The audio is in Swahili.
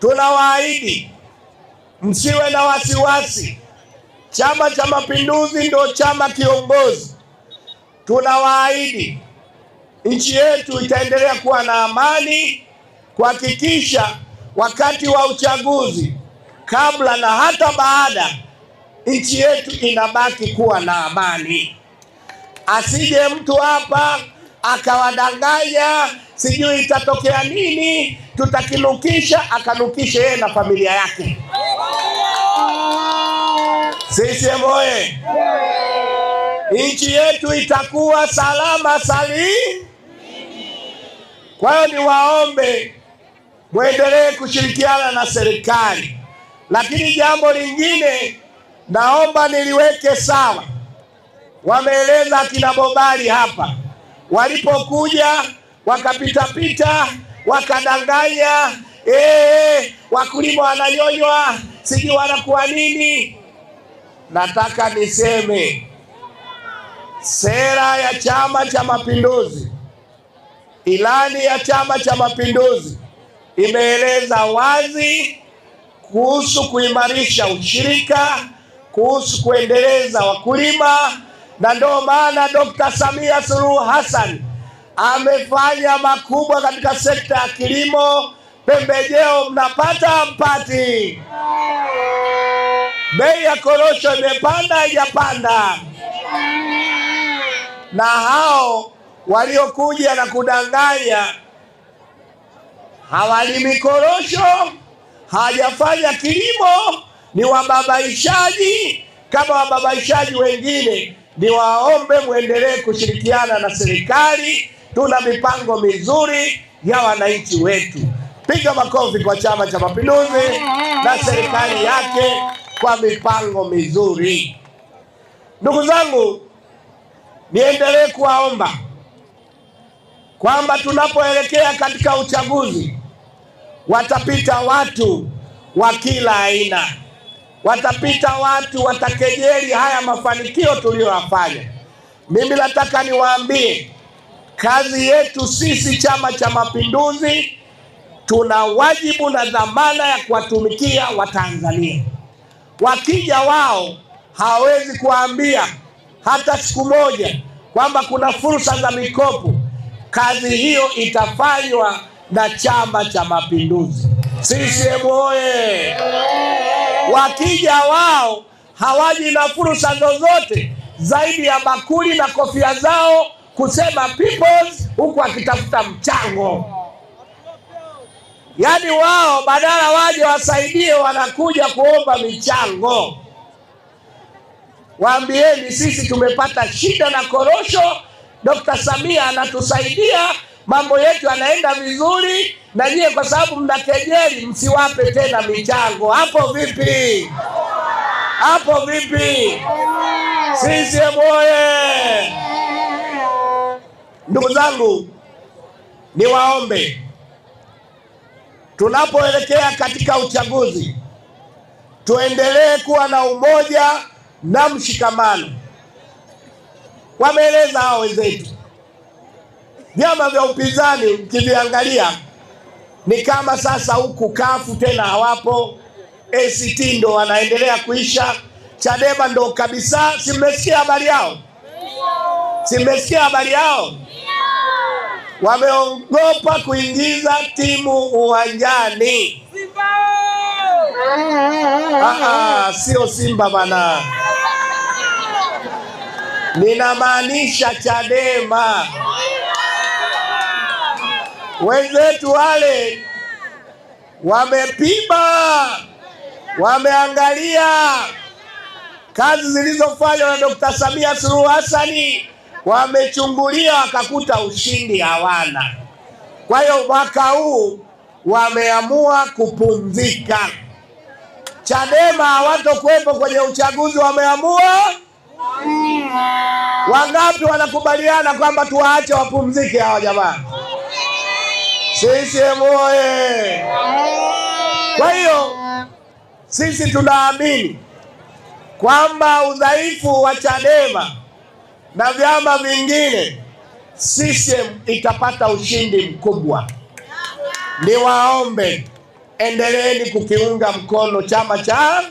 Tunawaahidi msiwe na wasiwasi, Chama cha Mapinduzi ndio chama kiongozi. Tunawaahidi nchi yetu itaendelea kuwa na amani, kuhakikisha wakati wa uchaguzi, kabla na hata baada, nchi yetu inabaki kuwa na amani. Asije mtu hapa akawadanganya sijui itatokea nini, tutakinukisha akanukishe yeye na familia yake. CCM oye! Nchi yetu itakuwa salama sali. Kwa hiyo niwaombe mwendelee kushirikiana na serikali, lakini jambo lingine naomba niliweke sawa. Wameeleza kina Bobali hapa walipokuja wakapitapita, wakadanganya eh, wakulima wananyonywa, sijui wanakuwa nini. Nataka niseme sera ya Chama cha Mapinduzi, ilani ya Chama cha Mapinduzi imeeleza wazi kuhusu kuimarisha ushirika, kuhusu kuendeleza wakulima, na ndio maana Dr. Samia Suluhu Hassan amefanya makubwa katika sekta ya kilimo. Pembejeo mnapata mpati? Bei ya korosho imepanda haijapanda? Na hao waliokuja na kudanganya hawalimi korosho, hawajafanya kilimo, ni wababaishaji kama wababaishaji wengine. Niwaombe mwendelee kushirikiana na serikali tuna mipango mizuri ya wananchi wetu. Piga makofi kwa Chama cha Mapinduzi na serikali yake kwa mipango mizuri. Ndugu zangu, niendelee kuwaomba kwamba tunapoelekea katika uchaguzi, watapita watu wa kila aina, watapita watu watakejeli haya mafanikio tuliyoyafanya. Mimi nataka niwaambie Kazi yetu sisi Chama cha Mapinduzi tuna wajibu na dhamana ya kuwatumikia Watanzania. Wakija wao hawawezi kuwaambia hata siku moja kwamba kuna fursa za mikopo. Kazi hiyo itafanywa na Chama cha Mapinduzi, CCM oye! Wakija wao hawaji na fursa zozote zaidi ya bakuli na kofia zao kusema peoples huku akitafuta mchango. Yaani wao badala waje wasaidie, wanakuja kuomba michango. Waambieni sisi tumepata shida na korosho, Dokta Samia anatusaidia, mambo yetu yanaenda vizuri, na nyie kwa sababu mnakejeli, msiwape tena michango. Hapo vipi? Hapo vipi? Sisi oye! Ndugu zangu, niwaombe, tunapoelekea katika uchaguzi tuendelee kuwa na umoja na mshikamano. Wameeleza hao wenzetu, vyama vya upinzani ukiviangalia ni kama sasa huku kafu tena hawapo, ACT ndo wanaendelea kuisha, Chadema ndo kabisa. Si mmesikia habari yao? Si mmesikia habari yao? wameogopa kuingiza timu uwanjani. sio Simba bana, ninamaanisha Chadema wenzetu wale wamepima, wameangalia kazi zilizofanywa na Dokta Samia Suluhu Hassani wamechungulia wakakuta ushindi hawana. Kwa hiyo mwaka huu wameamua kupumzika. Chadema hawatokuwepo kwenye uchaguzi, wameamua. Wangapi wanakubaliana kwamba tuwaache wapumzike hawa jamaa? CCM oye! Kwa hiyo sisi tunaamini kwamba udhaifu wa Chadema na vyama vingine, CCM itapata ushindi mkubwa. Niwaombe, endeleeni kukiunga mkono chama cha